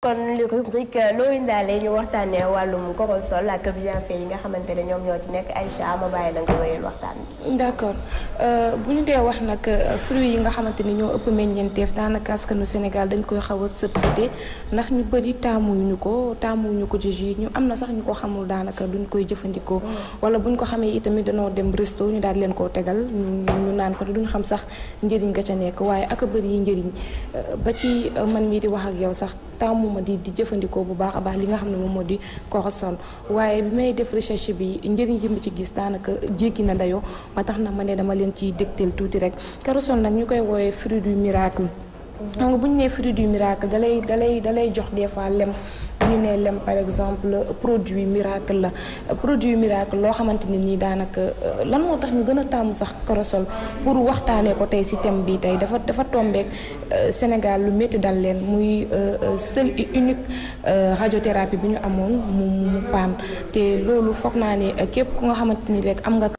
kon li rubrique looy ndaale ñu waxtaanee wàllum corosol ak bienfait yi nga xamante ne ñoom ñoo ci nekk Aïcha ma bàyyi la nga wéyal waxtaan bi. d'accord bu ñu dee wax nag fruits yi nga xamante ni ñoo ëpp meññeenteef daanaka askanu Sénégal dañ koy xaw a sët ndax ñu bëri taamuñu ko taamuñu ko ci jus ñu am na sax ñu ko xamul daanaka duñ koy jëfandikoo. Mm. wala buñ ko xamee itamit danoo dem resto ñu daal leen koo tegal ñu naan ko te duñ xam sax njëriñ nga ca nekk waaye ak bëri yi njëriñ ba ci man mii di wax ak yow sax taamu tàmmuma di di jëfandikoo bu baax a baax li nga xam ne moom moo di corosol waaye bi may def recherche bi njëriñ yi ma ci gis daanaka jéggi na dayoo ba tax ma ne dama leen ciy dégtal tuuti rek corosol nag ñu koy woowee fruit du miracle xam mhm. nga bu ñu nee fruit du miracle dalay dalay dalay jox des fois lem bu ñu nee lem par exemple produit miracle la produit miracle loo xamante ne nii daanaka euh, lan moo tax ñu gën a tàmm sax korosol pour waxtaanee ko tey si bi tey dafa dafa tombeek euh, Sénégal lu métti dal leen muy euh, seul et unique radiothérapie bu ñu amoon mu mu paan te loolu foog naa ne képp ku nga xamante ni rek am nga. ko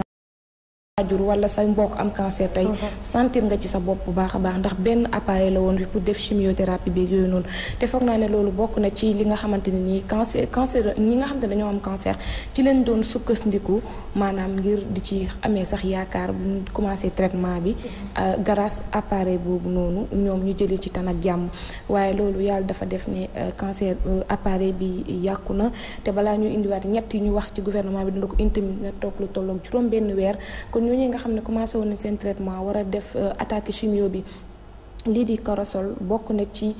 waajur wala say mbokk am cancer tey mhm. sentir nga ci sa bopp bu baax a baax ndax benn appareil la woon fi pour def chimiothérapie beeg yooyu noonu te foog naa ne loolu bokk na ci li nga xamante ne nii cancer cancer ñi nga xamante ne dañoo am cancer ci leen doon sukk sukkandiku maanaam ngir di ci amee sax yaakaar bu ñu commencé traitement bi euh, grâce appareil boobu noonu ñoom ñu jële ci tan ak jàmm waaye loolu yàlla dafa def ne euh, cancer euh, appareil bi yàqu na te balaa ñu indiwaat ñett ñu wax ci gouvernement bi dina ko intamit na toog juróom benn weer ñooñu nga xam ne commencé woon na seen traitement war a def euh, attaque chimio bi lii di cortisol bokk na ci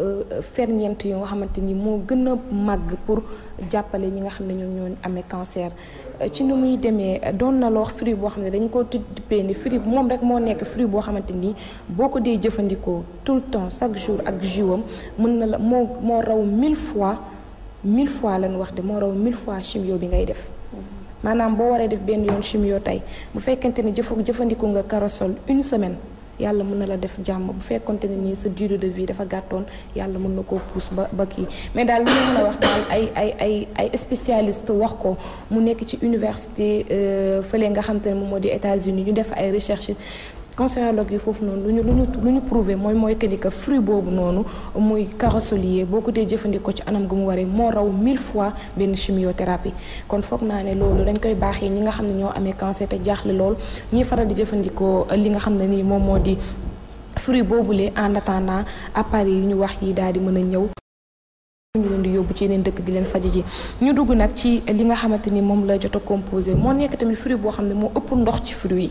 euh, ferñeent yoo nga xamante ni moo gën a màgg pour jàppale ñi nga xam ne ñoom ñoo amee cancer euh, ci ni muy demee doon na loo fruit boo xam ne dañ ko tuddee ni fruit moom moo nekk fruit boo xamante ni boo ko dee jëfandikoo tout le temps chaque jour ak juwam mën na la moo moo raw mille fois mille fois lañ wax de moo raw mille fois chimio bi ngay def maanaam boo waree def benn yoon chimio tey bu fekkente ni jëf jëfandiku nga corossol une semaine yàlla mën na la def jàmm bu fekkonte ne nii sa durée de vie dafa gàttoon yàlla mën na ko puus ba ba kii mais daal lu ñu mën wax daal ay ay ay ay spécialiste wax ko mu nekk ci université euh, fële nga xam te ne moom moo di États-Unis ñu def ay recherche cancérologue yi foofu noonu lu ñu lu ñu lu ñu prouvé mooy mooy que ni que fruit boobu noonu muy corossolier boo ko dee jëfandikoo ci anam gu mu waree moo raw mille fois benn chimiothérapie kon foog naa ne loolu dañ koy baaxee ñi nga xam ne ñoo amee cancer te jaaxle lool ñiy faral di jëfandikoo li nga xam ne nii moom moo di fruit boobule en attendant appareil yi ñu wax yi daal di mën a ñëw. ñu leen di yóbbu ci yeneen dëkk di leen faji ji ñu dugg nag ci li nga xamante ni moom la jot a moo nekk tamit fruit boo xam ne moo ëpp ndox ci fruit yi.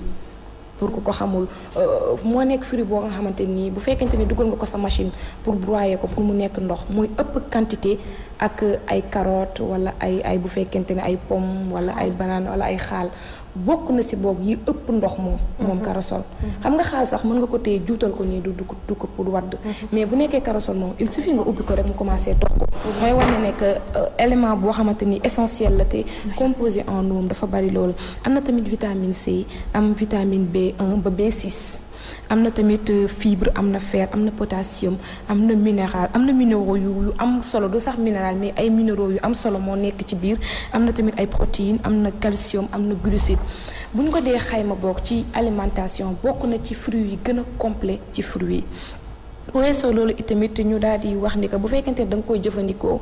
pour ku ko xamul euh, moo nekk fruit boo nga xamante nii bu fekkente ne dugal nga ko sa machine pour broyer ko pour mu nekk ndox mooy ëpp quantité ak ay carotte wala ay ay bu fekkente ne ay pom wala ay banaan wala ay xaal bokk na si boog yi ëpp ndox moom moom mhm. corossol mhm. xam nga xaal sax mën nga ko téye juutal ko nii du du du ko pour wadd mhm. mais bu nekkee corossol moom il suffit nga ubbi ko rek mu commencé tox ko mooy wane ne que euh, élément boo xamante ni essentiel la te composé en eau dafa bari loolu am na tamit vitamine C am vitamine B1 ba B6 am na tamit euh, fibre am na fer am na potassium am na minéral am na minéraux yu yu am solo du sax minéral mais ay minéraux yu am solo moo nekk ci biir am na tamit ay protéines am na calcium am na glucide bu ñu ko dee xayma bokk ci alimentation bokk na ci frie yi gën a complet ci fruits yi bu weesoo loolu itamit ñu daal di wax ni que bu fekkente ne da nga koy jëfandikoo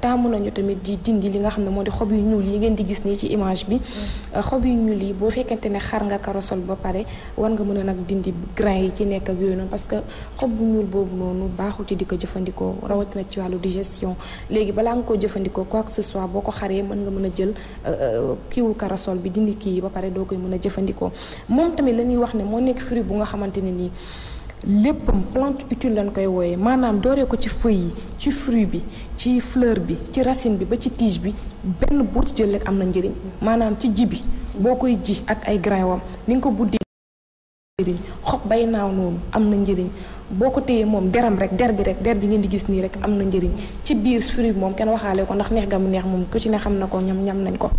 taamu nañu tamit di dindi li nga xam ne moo di xob yu ñuul yi ngeen di gis nii ci image bi mm. xob yu ñuul yi boo fekkente ne xar nga karosol ba pare war nga mën a nag dindi grain yi ci nekk ak yooyu noonu parce que xob bu boobu noonu baaxul ci di ko jëfandikoo rawatina ci wàllu digestion léegi balaa nga ko jëfandikoo quoi que ce boo ko xaree mën nga mën a jël euh, euh, kiiwu karosol bi dindi kii ba pare doo koy mën a jëfandikoo moom tamit la ñuy wax ne moo nekk fruit bu nga xamante ne nii léppam plante utile lañ koy wooyee maanaam dooree ko ci feuille yi ci fruit bi ci fleur bi ci racine bi ba ci tige bi benn boo ci jël rek am na njariñ maanaam ci ji bi boo koy ji ak ay grain ni nga ko buddee njëriñ xob bay naaw noonu am na njëriñ boo ko téyee moom deram rek der bi rek der bi ngeen di gis nii rek am na njariñ ci biir fruit moom kenn waxaale ko ndax neex ga mu neex moom ku ci ne xam na ko ñam ñam nañ ko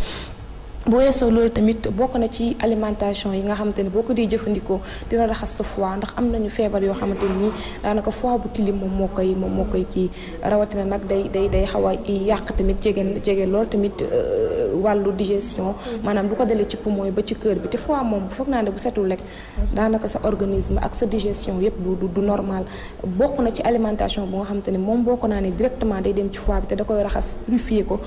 bu weesoo loolu tamit bokk na ci alimentation yi nga xamante ni boo ko dee jëfandikoo dina raxas sa foie ndax am nañu feebar yoo xamante ni daanaka foie bu tilim moom moo koy moom moo koy kii rawatina nag day day day xaw a yàq tamit jege jege lool tamit euh, wàllu digestion. Mm-hmm. maanaam du ko dalee ci poumon ba ci kër bi te fois moom foog naa ne bu setul rek. daanaka sa organisme ak sa digestion yépp du du normal bokk na ci alimentation bu nga xamante ni moom bokk naa ne directement day dem ci fois bi te da koy raxas ko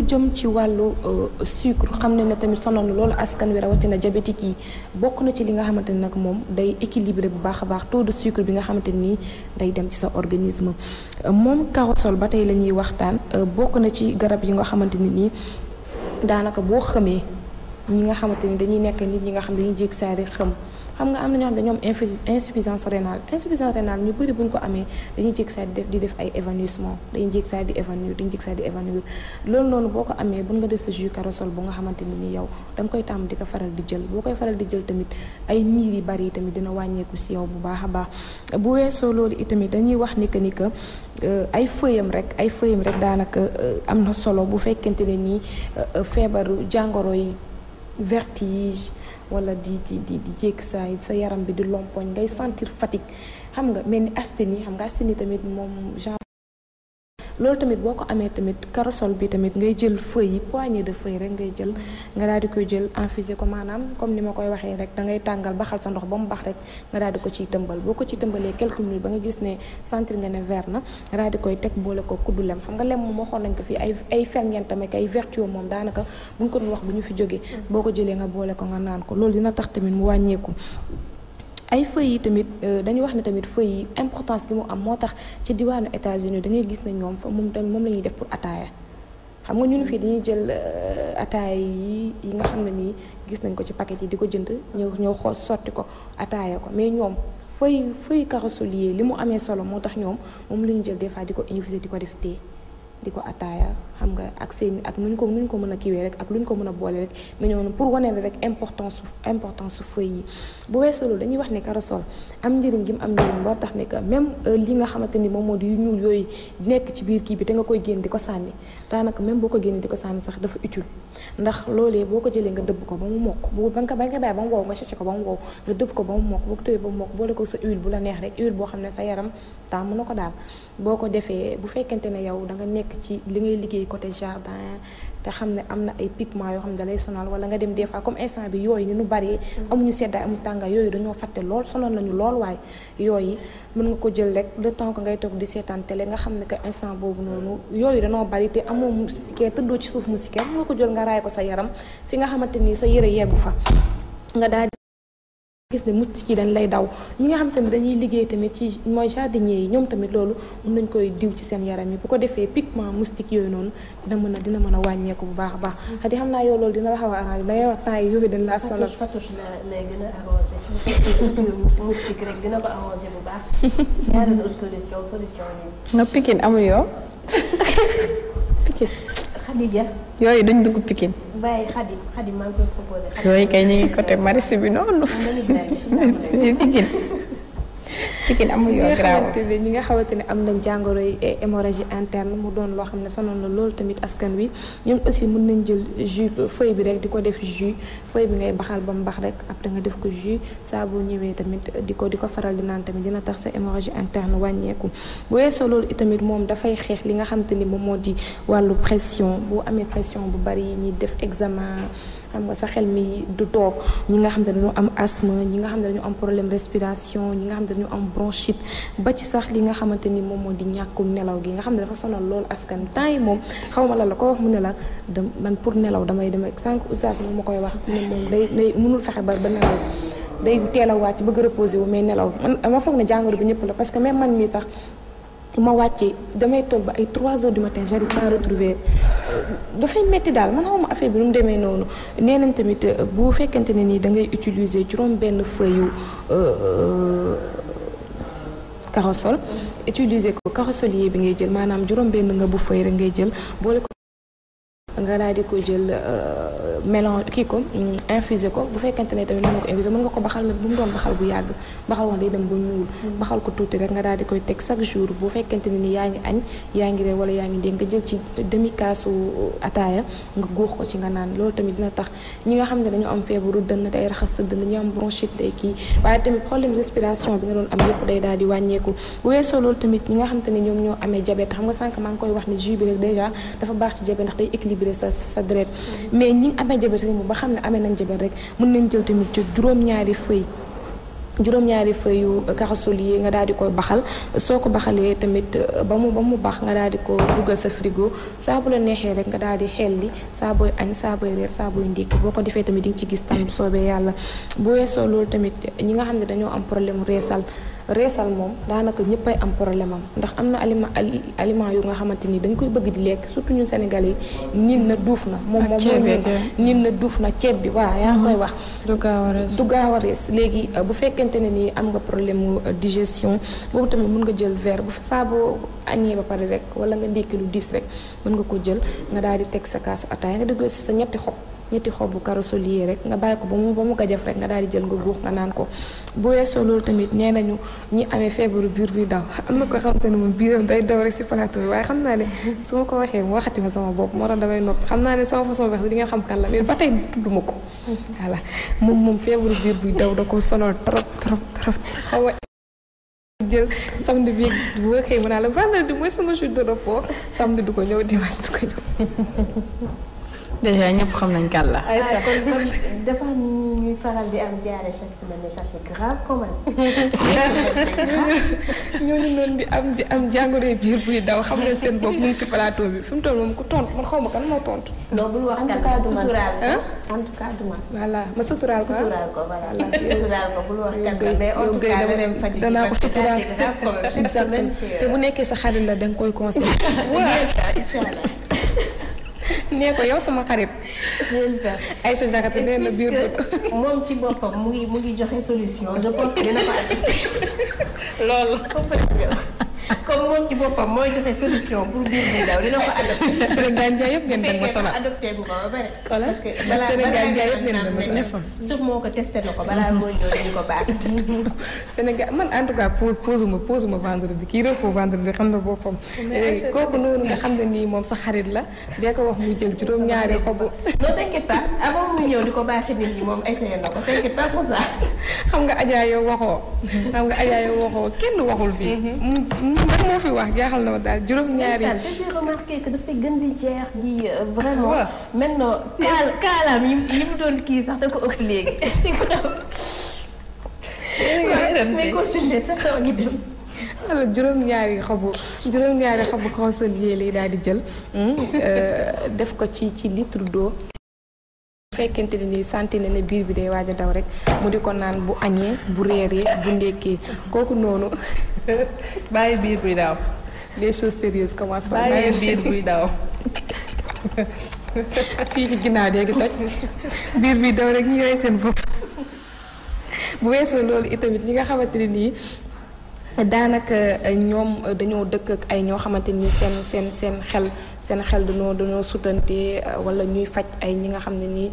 lu jëm ci wàllu euh, sucre xam ne ne tamit sonal na loolu askan wi rawatina diabétique yi bokk na ci li nga xamante ne nag moom day équilibré bu baax a baax taux de sucre bi nga xamante nii day dem ci sa organisme moom corossol ba tey la ñuy waxtaan euh, bokk na ci garab yi nga xamante ne nii daanaka boo xamee ñi nga xamante ni dañuy nekk nit ñi nga xam dañuy jéeg saari xëm xam nga am na ñoo xam ne ñoom insuffisance rénale insuffisance rénale ñu bëri buñ ko amee dañuy jékki saa di def ay évanouissement dañuy jékki saa di évanouir dañuy jékki saa di évanouir loolu noonu boo ko amee buñ nga def sa jus corossol bu nga xamante ni ni yow da koy tàmm di ko faral di jël boo koy faral di jël tamit ay miir yi bari tamit dina wàññeeku si yow bu baax a baax bu weesoo loolu itamit dañuy wax ni que ni que euh, ay fëyam rek ay fëyam rek daanaka euh, am na solo bu fekkente ne nii euh, feebaru jàngoro yi vertige wala di di di di jéeg sa sa yaram bi di lompoñ ngay sentir fatigue xam nga mel ni asthénie xam nga asthénie tamit moom genre loolu tamit boo ko amee tamit corossol bi tamit ngay jël feuille yi poignée de feuille rek ngay jël nga daal di koy jël infusé ko maanaam comme ni ma koy waxee rek da ngay tàngal xal sa ndox ba mu bax rek nga daal di ko ciy tëmbal boo ko ci tëmbalee quelques minutes ba nga gis ne sentir nga ne vert na nga koy teg boole ko kuddu lem xam nga lem moom waxoon nañ ko fii ay ay ferñeentam ak ay vertu moom daanaka buñ ko wax bu ñu fi jógee mm. boo ko jëlee nga boole ko nga naan ko loolu dina tax tamit mu wàññeeku ay feuilles yi tamit euh, dañu wax ne tamit feuilles yi importance gi mu am moo tax ci diwaanu États-Unis da ngay gis ne ñoom moom tam moom la def pour ataaya xam nga ñun fii dañuy jël euh, ataaya yi yi nga xam ne nii gis nañ ko ci paquet yi di ko jënd ñëw ñëw xool sotti ko ataaya ko mais ñoom feuille feuille carrosselier li mu amee solo moo tax ñoom moom la ñuy jël des fois di ko infuser di ko def tee di ko ataaya xam nga ak seen ak nuñ ko nuñ ko mën a kiwee rek ak luñ ko mën a boole rek mais noonu pour wane rek importance su importance su feuille yi bu weesoo loolu dañuy wax ne corossol am njëriñ gi mu am njëriñ tax ne que même euh, li nga xamante ni moom moo di ñuul yooyu nekk ci biir kii bi te nga koy génn di ko sànni daanaka même boo ko génne di ko sànni sax dafa utile ndax loolee boo ko jëlee nga dëbb ko ba mu mokk bu ko ba mu wow nga dëbb ko ba mu mokk boo ko tëwee ba mu mokk boole ko sa huile bu la neex rek huile boo xam ne sa yaram tàmm na ko daal boo ko defee bu fekkente ne yow da nekk ci li ngay liggéey côté jardin te xam ne am na ay piquement yoo xam ne da lay sonal wala nga dem des fois comme instant bi yooyu ni nu bëree mm-hmm. amuñu seddaay amuñu tàngaay yooyu dañoo fàtte lool sonal nañu lool waaye yooyu mën nga ko jël rek le temps que ngay toog di seetaan télé nga xam ne que instant boobu noonu yooyu dañoo bari te amoo musique tëddoo ci suuf musique mën nga ko jël nga raay ko sa yaram fi nga xamante ni sa yëre yeggu fa gis ne moustique yi dañ lay daw ñi nga xam tamit dañuy liggéey tamit ci mooy jardinier yi ñoom tamit loolu mën nañ koy diw ci seen yaram yi bu ko defee pigment moustique yooyu noonu dina mën a dina mën a wàññeeku bu baax a baax mm. xati xam naa yow loolu dina la xaw a arrangé dangay wax temps yi yooyu dañ laa solo fatouche la lay gën a arrangé moustique rek dina ko arrangé bu baax ñaari solution solution yi no Pikine amul yow Pikine Khadija yooyu dañ dugg Pikine Baye Khadim Khadim maa ngi koy proposé. yooyu kay ñu ngi côté Maristes bi noonu. Pikine amul yoo garaaw ñi nga xamante ni am na jàngoro yi hémorragie interne mu doon loo xam ne sonal na loolu tamit askan wi ñoom aussi mën nañ jël ju feuille bi rek di ko def jus feuille bi ngay baxal ba mu bax rek après nga def ko jus saa ñëwee tamit di ko di ko faral di naan tamit dina tax sa hémorragie interne wàññeeku bu weesoo loolu itamit moom dafay xeex li nga xamante ni moom moo di wàllu pression bu amee pression bu bari ñuy def examen xam nga sa xel mi du toog ñi nga xam ne dañu am asthme ñi nga xam ne dañu am problème respiration ñi nga xam ne dañu am bronchite ba ci sax li nga xamante ni moom moo di ñàkkum nelaw gi nga xam ne dafa sonal lool askan temps yi moom xaw ma la la ko wax mu ne la da man pour nelaw damay dem sànq oustaz moom ma koy wax ne moom day day mënul fexe ba ba nelaw day teel a wàcc bëgg reposer wu mais nelaw man ma foog ne jàngoro bi ñëpp la parce que même man mii sax ma wàcc damay toog ba ay 3 heures du matin j'arrive pas à retrouver dafay metti daal man xawma affaire bi lu demee noonu nee nañ tamit euh, bu fekkente ne nii da ngay utiliser juróom benn feuille euh, euh, corossol utiliser ko corossolier bi ngay jël maanaam juróom benn nga bu feuille rek ngay jël boole ko nga daal di ko jël euh, mélange kii ko mm, infusé ko bu fekkente ne tamit mën nga ko infusé mën nga ko baxal mais bu mu doon baxal bu yàgg baxal woon day dem ba ñuul mm. baxal ko tuuti rek nga daal di koy teg chaque jour bu fekkente ne nii yaa ngi añ yaa ngi reer wala yaa ngi ndéeg nga jël ci demi kaasu euh, ataaya nga góox ko ci nga naan loolu tamit dina tax ñi nga xam ne dañu am feebaru dënn day raxas sa dënn ñu am bronchite day kii waaye tamit problème respiration bi nga doon am yëpp day daal di wàññeeku bu weesoo loolu tamit ñi nga xam te ne ñoom ñoo amee diabète xam nga sànq maa ngi koy wax ne jus bi baax ci diabète ndax day équilibré sa sa deret mais ñi amee jabar seen ba xam ne amee nañ jabar rek mën nañ jël tamit juróom-ñaari feuille juróom-ñaari feuille yu euh, corossol yi nga daal di koy baxal soo ko baxalee tamit euh, ba mu ba mu baax nga daal di ko dugal sa frigo saa la neexee rek nga daal di xel li saa booy añ saa booy reer saa booy boo ko defee tamit di nga ci gis tam soobee yàlla bu weesoo loolu tamit ñi nga xam ne dañoo am problème reesal reesal moom daanaka ñëppay am problème am ndax am na aliment aliment yu nga xamante ni dañ koy bëgg di lekk surtout ñu Sénégalais yi na duuf na moom moom moom ñin na duuf na ceeb bi waaw yaa koy mhm. wax du gaaw a rees léegi euh, bu fekkente ne nii am nga problème euh, digestion boobu tamit mën nga jël ver bu saa boo añee ba pare rek wala nga ndékki lu diis rek mën nga ko jël nga daal di teg sa kaasu ataaya nga dëgg si sa ñetti xob ñetti xobu karosolier rek nga bàyyi ko ba mu ba mu gajaf rek nga daal di jël nga guux nga naan ko bu weesoo loolu tamit nee nañu ñi amee feebaru biir bi daw am na ko xamante ne moom biiram day daw rek si plateau bi waaye xam naa ne su ko waxee mu waxati ma sama bopp moo tax damay nopp xam naa ne sama façon wax di nga xam kan la mais ba tey tudd ma ko voilà moom moom feebaru biir buy daw da ko sonal trop trop trop xaw ma bi bu waxee la vendredi mooy sama jour de repos du ko ñëw dimanche déjà ñëpp xam nañ kan la. Aïcha ah, kon dafa ñuy faral di am diarrhée chaque semaine mais ça c'est grave ñooñu noonu di am di biir buy daw xam nga seen bopp mu ngi ci plateau bi fi mu toll moom ku tontu man xaw ma kan moo tontu. non bul ma suturaal ko en tout cas du man. voilà ma suturaal ko ah. suturaal ko voilà. suturaal ko la mais ko bu euh, nekkee sa xarit la danga koy conseillé. nee ko yow sama xarit. ay su jaxate nee na biir bët. moom ci boppam mu ngi mu ngi joxe solution je pense que comme moom ci boppam mooy joxe solution pour biir ko adopté. ba moo ko man en tout cas ma pose ma vendredi kii rek pour vendredi xam na boppam. Eh, kooku noonu nga xam ne nii moom sa xarit la. dee ko wax mu jël juróom-ñaari xobu. non t'inquiète pas avant ko baaxee nit moom essayé na ko t'inquiète pas pour ça. xam nga Adja yow waxoo. xam nga Adja yow waxoo kenn waxul fii. Mhm. Mm, mm, lan moo fi wax jaaxal na ma daal juróom-ñaari. j'ai dafay gën di jeex di euh, vraiment. maintenant euh, kaal kaalaam yi yi mu doon kii sax da ko ëpp léegi. mais continuer sax juróom-ñaari xobu juróom-ñaari xobu consolier lay daal di jël. Hmm, euh, def ko ci ci litre do bu fekkente ne nii santé na ne biir bi day waaj a daw rek mu di ko naan bu añee bu reeree bu ndékkee kooku noonu. bàyyi biir buy daw. les choses sérieuses commencent par bàyyi biir buy daw. fii ci ginnaaw léegi toj biir bi daw rek ñu rey seen bopp bu weesoo loolu itamit ñi nga xamante ne nii. daanaka eh, ñoom eh, dañoo dëkk ak ay ñoo xamante ni seen seen seen xel seen xel dañoo dañoo sutante eh, wala ñuy faj ay ñi nga xam ne nii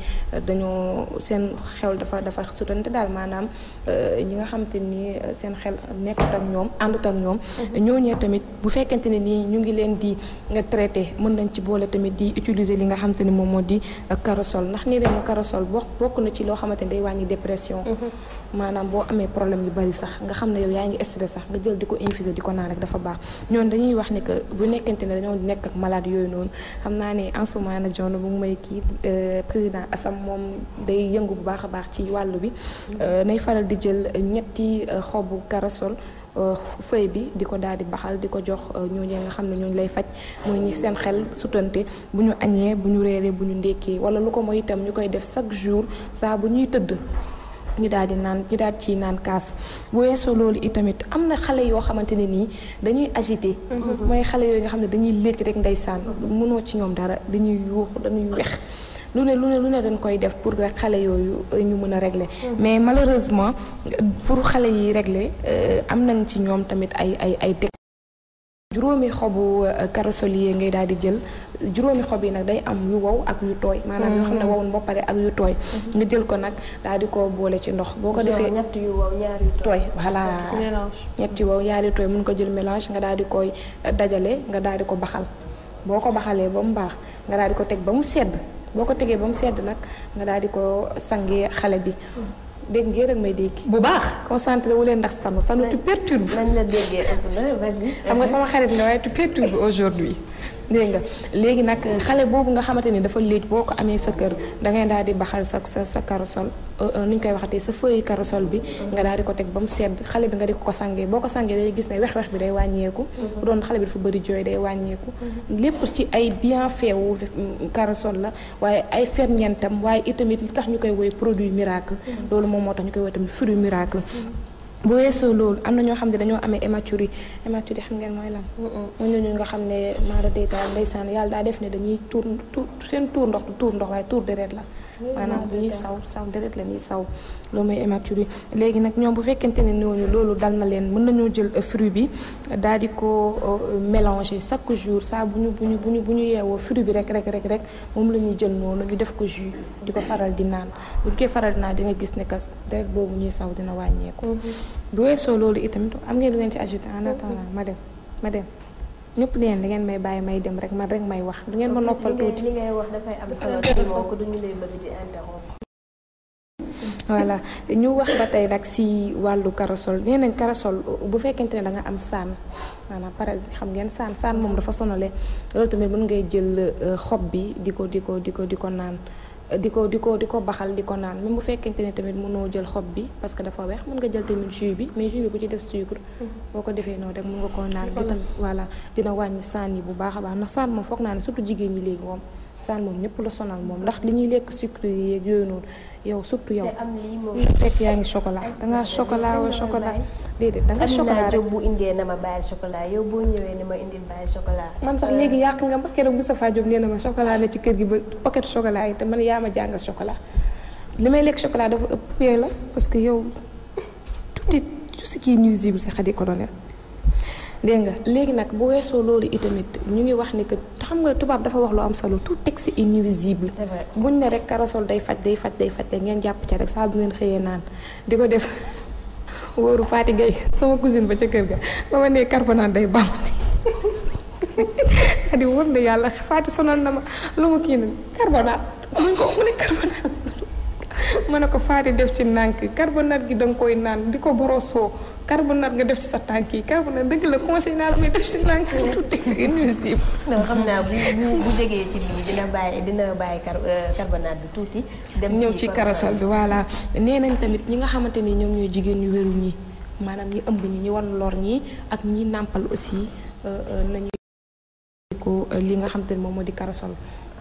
dañoo seen xel dafa dafa sutante daal maanaam ñi nga xamante ni seen xel nekkut ak ñoom àndut ak ñoom. Mhm. ñooñee tamit bu fekkente ne nii ñu ngi leen di traité mën nañ ci boole tamit di utiliser li nga xamante ni moom moo di corossol ndax nii dañu corossol bokk na ci loo xamante ni day wàññi dépression. Mhm. maanaam boo amee problème yu bari sax nga xam ne yow yaa ngi stressé sax. nga jël di ko infuser di ko naan rek dafa baax ñoon dañuy wax ne que bu nekkante ne dañoo nekk ak malade yooyu noonu xam naa ne en ce moment nag jono bu may kii euh, président Assam moom day yëngu bu baax a baax ci wàllu bi euh, nay faral di jël ñetti euh, xobu karasol feuille bi di ko daal di baxal di ko jox ñooñee nga xam ne ñooñu lay faj mooy seen xel sutante bu ñu añee bu ñu reeree bu ñu ndékkee wala lu ko mooy itam ñu koy def chaque jour saa bu ñuy tëdd ñu daal di naan ñu daal ci naan kaas bu weesoo loolu itamit am na xale yoo xamante ne nii dañuy agité mhm. mooy xale yooyu nga xam ne dañuy léegi rek ndeysaan mënoo ci ñoom dara dañuy yuuxu dañuy wex lu ne lu ne lu ne dañ koy def pour rek xale yooyu euh, ñu mën a régler mhm. mais malheureusement pour xale yi régler euh, am nañ ci ñoom tamit ay ay ay juróomi xobu karosolier eh, ngay daal di jël juróomi xob yi nag day am yu wow ak yu tooy maanaam yoo xam ne mm-hmm. wowun ba pare ak yu tooy mm-hmm. nga jël ko nag daal di ko boole ci ndox boo ko defee ñett yu wow ñaar yu tooy voilà wow ñaar yu tooy ko jël mélange nga daal di koy eh, dajale nga daal di ko baxal boo ko baxalee ba mu baax nga daal di ko teg ba mu sedd boo ko tegee ba mu sedd nag nga daal di ko sangee xale bi mm-hmm. dégg nga yéen may dégg. bu baax concentré wu leen ndax sanu sanu tu perturbe. nañ la déggee ëpp na vas-y. xam nga sama xarit nga waaye tu perturbe aujourd'hui dégg nga léegi nag xale boobu nga xamante ni dafa léegi boo ko amee sa kër dangay daal di baxal sa sa sa karosol euh, euh, nu ñu koy waxatee sa feuille karosol bi nga daal di ko teg ba mu sedd xale bi nga di ko sangee boo ko sangee day gis ne wex-wex bi day wàññeeku mm-hmm. bu doon xale bi dafa bëri jooy day mm-hmm. lépp ci ay bien wu karosol mm, la waaye ay ferñeentam waaye itamit li tax ñu koy woy produit miracle mm-hmm. loolu moo tax ñu koy woy tamit fruit miracle boo weesoo loolu am na ñoo xam ne dañoo amee hématurie hématurie xam ngeen mooy lan. mooy ñooñu nga xam ne maara day taal ndeysaan yàlla daa def ne dañuy tuur tuur seen tuur ndox du tuur ndox waaye tuur deret la. maanaam bu ñuy saw saw deret la ñuy saw loolu mooy hématurie léegi nag ñoom bu fekkente ne ñooñu loolu dal na leen mën nañoo jël euh, fruit bi daal di ko euh, mélanger chaque jour saa bu ñu bu ñu bu ñu bu ñu yeewoo fruit bi rek rek rek rek moom la ñuy jël noonu ñu def ko jus di ko faral di naan bu ñu koy faral di naan di nga gis ne kas deret boobu ñuy saw dina wàññeeku. Mm-hmm. bu weesoo loolu itamit am ngeen lu ngeen ci ajouté en mm-hmm. attendant ma dem ma dem. ñépp nee da ngeen may bàyyi may dem rek man rek may wax du ngeen ma noppal tuuti. li ngay wax du ñu ñu wax ba tey nag si wàllu corossol nee nañ bu fekkente ne da nga am saan maanaam par xam ngeen saan saan moom dafa sonale loolu tamit mën ngay jël euh, xob bi di ko di ko di ko di ko naan. di ko di ko di ko baxal di ko naan même bu fekkente ne tamit noo jël xob bi parce que dafa weex mën nga jël tamit jus bi mais jus bi bu ci def sucre. Mhm. boo ko defee noonu rek mën nga koo naan. di tam voilà dina wàññi saan bu baax a baax ndax saan moom foog naa ne surtout jigéen ñi léegi moom. saan moom ñëpp la sonal moom ndax li ñuy lekk sucre yi yeeg yooyu noonu yow surtout yow. te yaa ngi chocolat. dangaa chocolat wala chocolat. déedéet dangaa chocolat rek na ma bàyyi chocolat yow boo ñëwee ni ma indil bàyyi chocolat. man sax euh, léegi yàq nga ma keroog Moustapha Diop nee na ma chocolat na ci kër gi ba paquet chocolat yi te man yaa ma jàngal chocolat. li may lekk chocolat dafa ëpp la parce que yow tuuti tout ce qui est nuisible sax di ko dégg nga léegi nag bu weesoo loolu itamit ñu ngi wax ni que xam nga tubaab dafa wax lu am solo tout texte inuisible buñ ne rek karasol day faj day faj day faj te ngeen jàpp ca rek saa bu ngeen xëyee naan di ko def wóoru Faati Gay sama cousine ba ca kër ga ba ma nee carbonate day bamati di wër na yàlla Faati sonal na ma lu ma kii nag carbonate muñ ko mu ne carbonate ma ne ko Faati def ci nànk carbonate gi danga koy naan di ko borosoo carbonate nga def ci sa tànk yi carbonate dëgg la conseil naa la may def ci xam naa bu bu ci bii dina bàyyi dina bàyyi euh, carbonate bi tuuti. dem ñëw ci karasol bi voilà. nee nañ tamit ñi nga xamante ni ñoom ñooy jigéen ñu wéru ñi maanaam ñi ëmb ñi ñi wan lor ñi ak ñi nàmpal aussi euh, euh, nañu ko li nga xamante ni moom moo di karasol.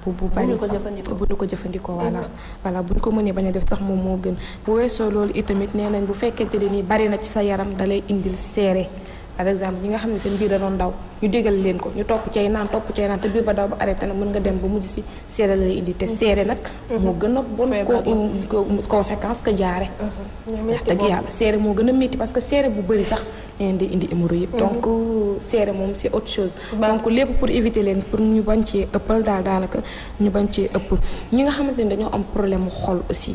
bu bu bari bu ñu ko jëfandikoo voilà voilà bu ñu ko mënee bañ a def sax moom moo gën bu weesoo loolu itamit nee nañ bu fekkente ne nii bari na ci sa yaram dalay indil seere par exemple ñi nga xam ne seen biir da doon daw ñu déggal leen ko ñu topp cay naan topp cay naan te biir ba daw ba arrêté na mën nga dem ba mujj si seere lay indi te seere nag mhm. moo gën a bon ko conséquence que jaare ndax mhm. dëgg yàlla seere moo gën a métti parce que seere bu bëri sax indi indi hémorroïde mhm. donc seere moom c'est autre chose donc lépp pour éviter leen pour ñu bañ cee ëppal daal daanaka ñu bañ cee ëpp ñi nga xamante ni dañoo am problème mu xol aussi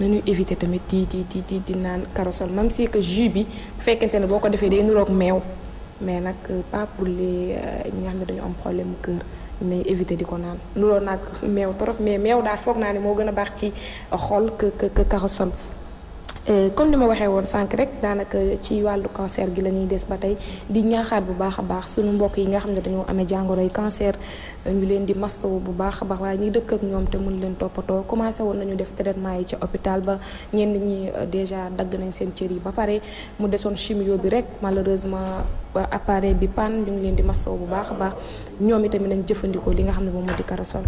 nañuy éviter tamit di di di di di naan karosol même si que jus bi bu fekkente ne boo ko defee day niroog meew mais nag euh, pas pour les euh, ñi nga xam ne dañu am problème mu kër nay éviter di ko naan niroog nag meew trop mais meew daal foog naa ne moo gën a baax ci xol que que karosol Euh, comme ni ma waxee woon sànq rek daanaka ci wàllu cancer gi la ñuy des ba tey di ñaaxaat bu baax a baax suñu mbokk yi nga xam ne dañoo amee jàngoroy cancer ñu leen di mastawu bu baax a baax waaye ñi dëkk ak ñoom te mun leen toppatoo woon nañu def traitement yi ca hôpital ba ñenn ñi euh, déjà dagg nañ seen cër yi ba pare mu desoon chimio bi rek malheureusement appareil bi panne ñu ngi leen di mastawu bu baax a baax ñoom itamit nañ jëfandikoo li nga xam ne moom moo di corossol